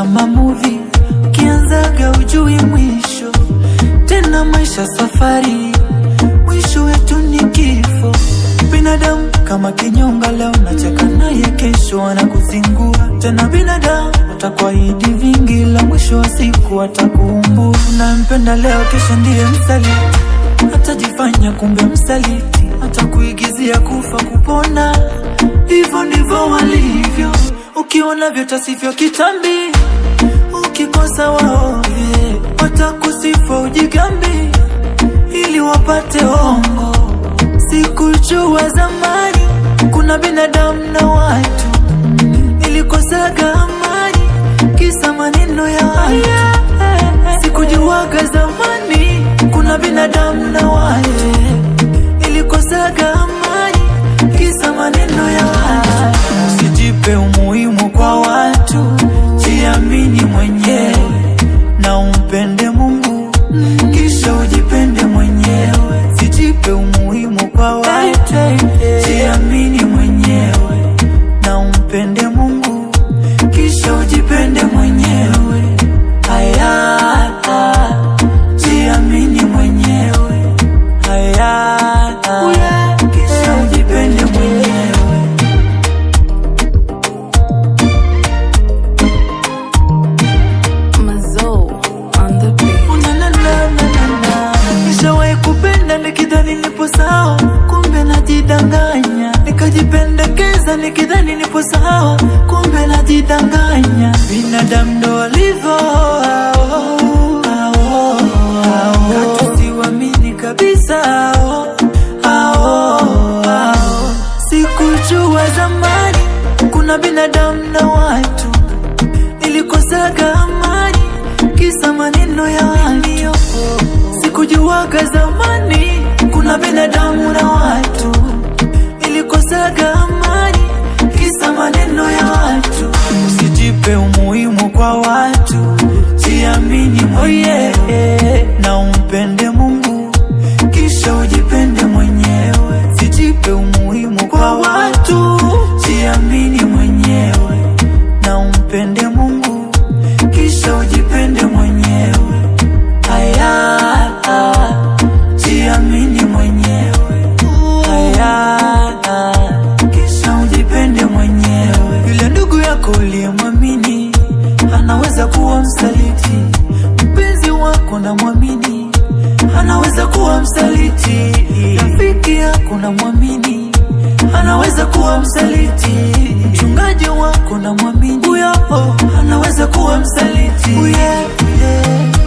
kama muvi, ukianzaga ujui mwisho. Tena maisha safari, mwisho wetu ni kifo. Binadamu kama kinyonga, leo nacheka naye, kesho anakuzingua tena. Binadamu utakuahidi vingi, la mwisho wa siku atakuumbua. Unampenda leo, kesho ndiye msaliti, atajifanya kumbe msaliti, atakuigizia kufa kupona. Hivyo ndivyo walivyo, ukiona vyotasivyo kitambi uchu wa zamani, kuna binadamu na watu, nilikosaga amani kisa maneno ya watu, sikujuwaga zamani, kuna binadamu na watu, nilikosaga amani kisa maneno ya watu. Usijipe umuhimu kwa watu, jiamini mwenyewe na umpende Mungu kisha nikidhani nipo sawa, kumbe najidanganya. Nikajipendekeza nikidhani nipo sawa, kumbe najidanganya. Binadamu ndo walivyo katusiwamini zamani kuna binadamu na watu, nilikosaga amani kisa maneno ya watu Sikujuaga zamani kuna binadamu na watu, ilikosaga amani kisa maneno ya watu. Usijipe umuhimu kwa watu, jiamini mwenye na umpende Mungu, kisha ujipende mwenyewe. Usijipe umuhimu kwa watu msaliti, mpenzi wako na mwamini anaweza kuwa msaliti, rafiki yako na mwamini anaweza kuwa msaliti, mchungaji wako na mwamini huyo anaweza kuwa msaliti. Uye, yeah.